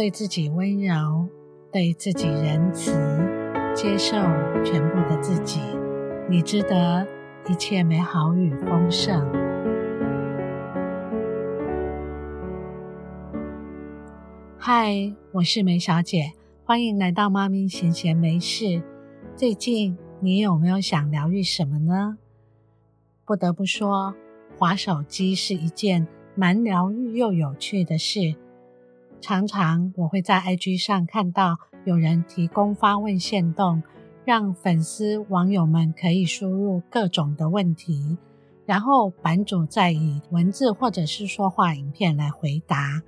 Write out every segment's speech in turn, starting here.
對自己溫柔，對自己仁慈，接受全部的自己，你值得一切美好與豐盛。嗨，我是梅小姐，歡迎來到媽咪閒閒梅事。最近你有沒有想療癒什麼呢？不得不說，滑手機是一件蠻療癒又有趣的事。常常我會在 IG 上看到有人提供發問限動，讓粉絲網友們可以輸入各種的問題，然後版主再以文字或者是說話影片來回答。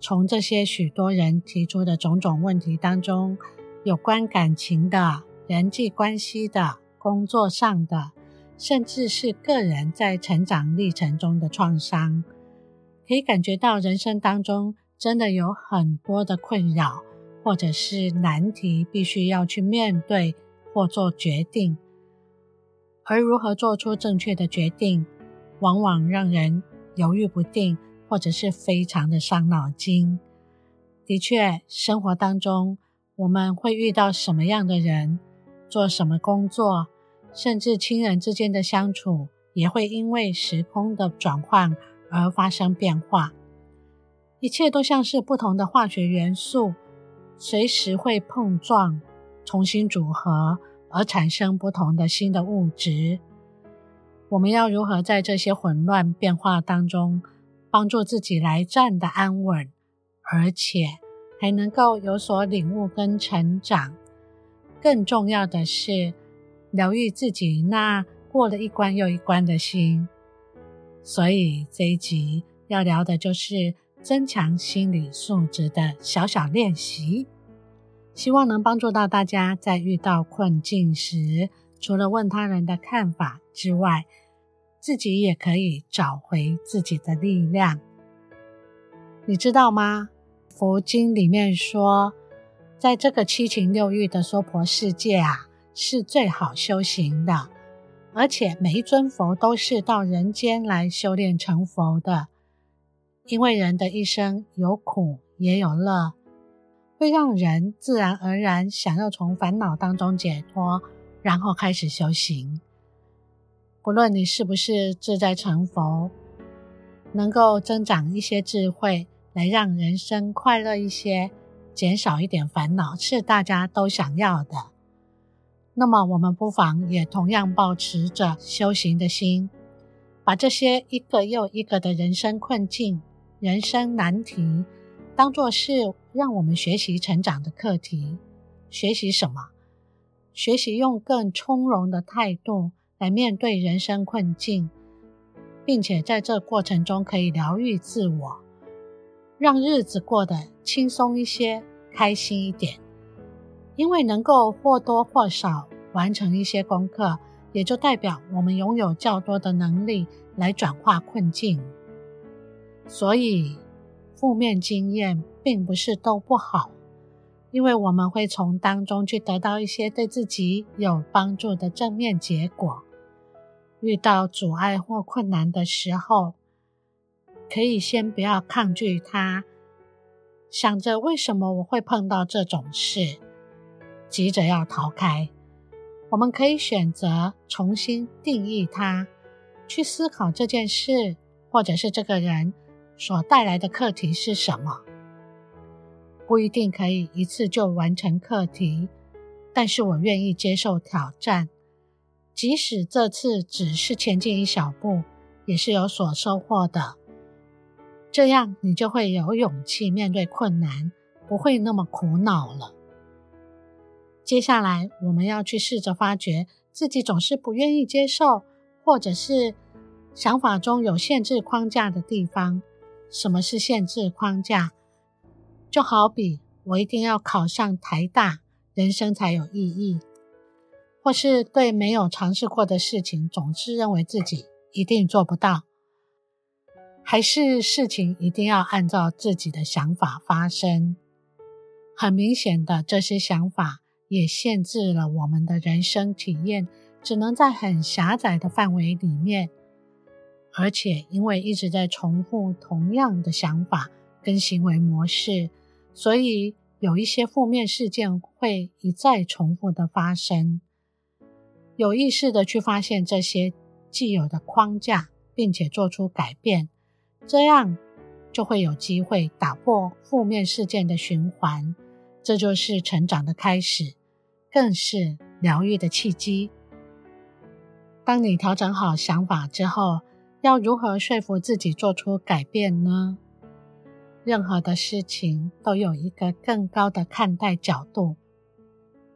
從這些許多人提出的種種問題當中，有關感情的、人際關係的、工作上的，甚至是個人在成長歷程中的創傷，可以感覺到人生當中，真的有很多的困擾，或者是難題，必須要去面對或做決定。而如何做出正確的決定，往往讓人猶豫不定，或者是非常的傷腦筋。的確，生活當中我們會遇到什麼樣的人，做什麼工作，甚至親人之間的相處，也會因為時空的轉換而發生變化。一切都像是不同的化學元素，隨時會碰撞，重新組合而產生不同的新的物質。我們要如何在這些混亂變化當中，幫助自己來站得安穩，而且還能夠有所領悟跟成長？更重要的是，療癒自己那過了一關又一關的心。所以這一集要聊的就是。增強心理素質的小小練習，希望能幫助到大家，在遇到困境時，除了問他人的看法之外，自己也可以找回自己的力量。你知道嗎？佛經裡面說，在這個七情六欲的娑婆世界啊，是最好修行的。而且每一尊佛都是到人間來修煉成佛的。因為人的一生有苦也有樂，會讓人自然而然想要從煩惱當中解脫，然後開始修行。不論你是不是志在成佛，能夠增長一些智慧，來讓人生快樂一些，減少一點煩惱，是大家都想要的。那麼，我們不妨也同樣保持着修行的心，把這些一個又一個的人生困境，人生難題當做是讓我們學習成長的課題。學習什麼？學習用更從容的態度來面對人生困境，並且在這過程中可以療癒自我，讓日子過得輕鬆一些、開心一點。因為能夠或多或少完成一些功課，也就代表我們擁有較多的能力來轉化困境。所以，負面經驗並不是都不好，因為我們會從當中去得到一些對自己有幫助的正面結果。遇到阻礙或困難的時候，可以先不要抗拒它，想着為什麼我會碰到這種事，急着要逃開，我們可以選擇重新定義它，去思考這件事或者是這個人。所帶來的課題是什麼？不一定可以一次就完成課題，但是我願意接受挑戰。即使這次只是前進一小步，也是有所收穫的。這樣你就會有勇氣面對困難，不會那麼苦惱了。接下來我們要去試着發掘自己總是不願意接受，或者是想法中有限制框架的地方。什麼是限制框架？就好比我一定要考上台大，人生才有意義；或是對沒有嘗試過的事情，總是認為自己一定做不到；還是事情一定要按照自己的想法發生。很明顯的，這些想法也限制了我們的人生體驗，只能在很狹窄的範圍裡面。而且，因為一直在重複同樣的想法跟行為模式，所以有一些負面事件會一再重複的發生。有意識的去發現這些既有的框架，並且做出改變，這樣就會有機會打破負面事件的循環。這就是成長的開始，更是療癒的契機。當你調整好想法之後，要如何說服自己做出改變呢？任何的事情都有一個更高的看待角度。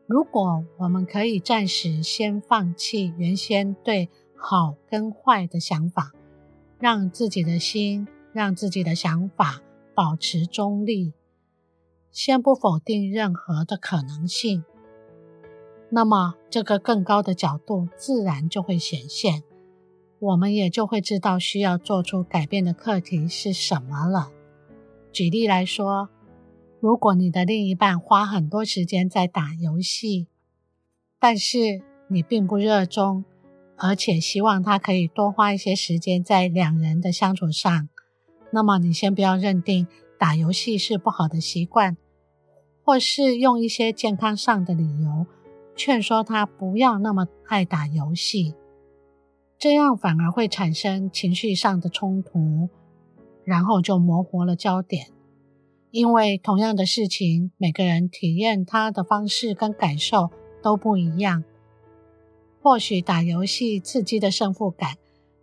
如果我們可以暫時先放棄原先對好跟壞的想法，讓自己的心、讓自己的想法保持中立，先不否定任何的可能性，那麼這個更高的角度自然就會顯現。我們也就會知道需要做出改變的課題是什麼了。舉例來說，如果你的另一半花很多時間在打遊戲，但是你並不熱衷，而且希望他可以多花一些時間在兩人的相處上，那麼你先不要認定打遊戲是不好的習慣，或是用一些健康上的理由勸說他不要那麼愛打遊戲。這樣反而會產生情緒上的衝突，然後就模糊了焦點。因為同樣的事情，每個人體驗他的方式跟感受都不一樣。或許打遊戲刺激的勝負感，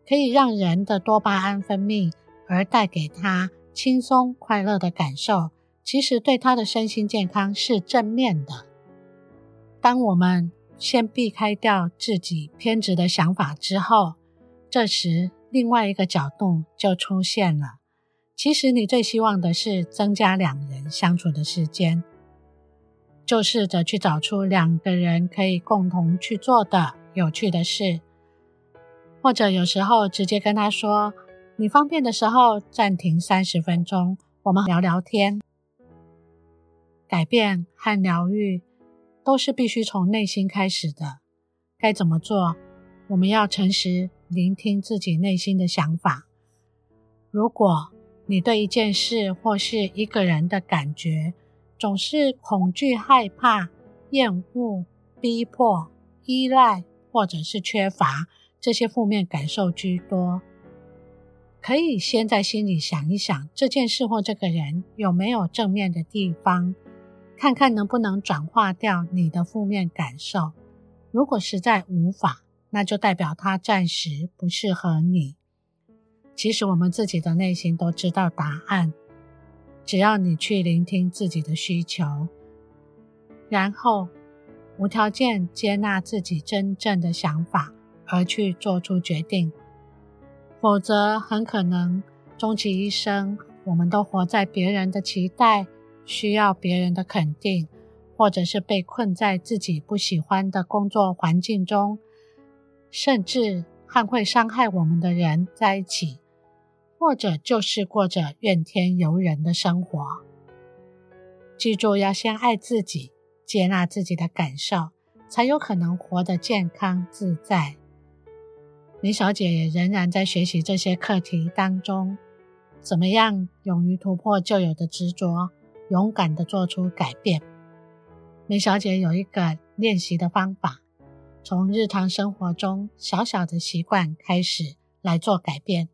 可以讓人的多巴胺分泌，而帶給他輕鬆快樂的感受。其實對他的身心健康是正面的。當我們先避開掉自己偏執的想法之後，這時另外一個角度就出現了。其實你最希望的是增加兩人相處的時間，就試着去找出兩個人可以共同去做的有趣的事，或者有時候直接跟他說：“你方便的時候暫停三十分鐘，我們聊聊天。”改變和療癒。都是必須從內心開始的。該怎麼做？我們要誠實聆聽自己內心的想法。如果你對一件事或是一個人的感覺總是恐懼、害怕、厭惡、逼迫、依賴，或者是缺乏，這些負面感受居多，可以先在心裡想一想，這件事或這個人有沒有正面的地方。看看能不能轉化掉你的負面感受，如果實在無法，那就代表他暫時不適合你。其實我們自己的內心都知道答案，只要你去聆聽自己的需求，然後無條件接納自己真正的想法而去做出決定，否則很可能終其一生，我們都活在別人的期待。需要別人的肯定，或者是被困在自己不喜歡的工作環境中，甚至和會傷害我們的人在一起，或者就是過着怨天尤人的生活。記住，要先愛自己，接納自己的感受，才有可能活得健康自在。林小姐也仍然在學習這些課題當中，怎麼樣勇於突破舊有的執着，勇敢地做出改變。梅小姐有一個練習的方法，從日常生活中小小的習慣開始來做改變。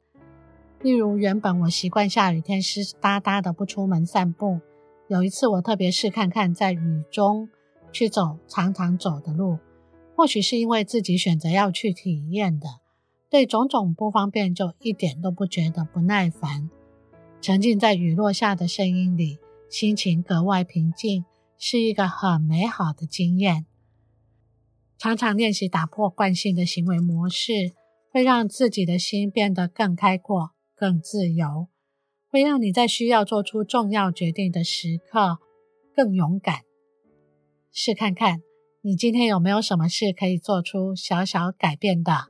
例如，原本我習慣下雨天濕噠噠的不出門散步。有一次，我特別試看看在雨中去走常常走的路，或許是因為自己選擇要去體驗的，對種種不方便就一點都不覺得不耐煩，沉浸在雨落下的聲音裡。心情格外平靜，是一個很美好的經驗。常常練習打破慣性的行為模式，會讓自己的心變得更開闊、更自由，會讓你在需要做出重要決定的時刻更勇敢。試看看，你今天有沒有什麼事可以做出小小改變的，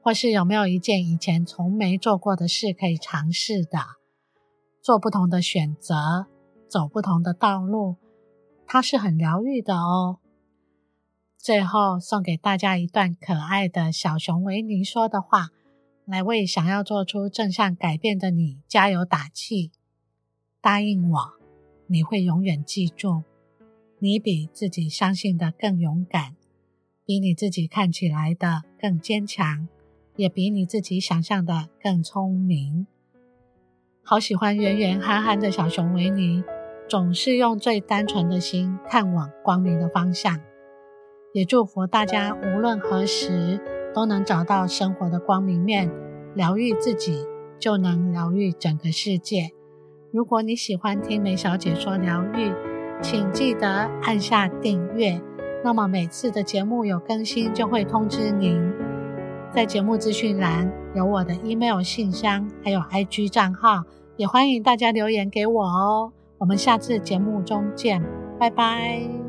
或是有沒有一件以前從沒做過的事可以嘗試的，做不同的選擇。走不同的道路，它是很療癒的哦。最後送給大家一段可愛的小熊維尼說的話，來為想要做出正向改變的你加油打氣。答應我，你會永遠記住，你比自己相信的更勇敢，比你自己看起來的更堅強，也比你自己想象的更聰明。好喜歡圓圓憨憨的小熊維尼。總是用最單純的心，探往光明的方向，也祝福大家，無論何時都能找到生活的光明面，療癒自己，就能療癒整個世界。如果你喜歡聽梅小姐說療癒，請記得按下訂閱。那麼每次的節目有更新，就會通知您。在節目資訊欄有我的 email 信箱，還有 IG 賬號，也歡迎大家留言給我哦。我們下次節目中見，拜拜。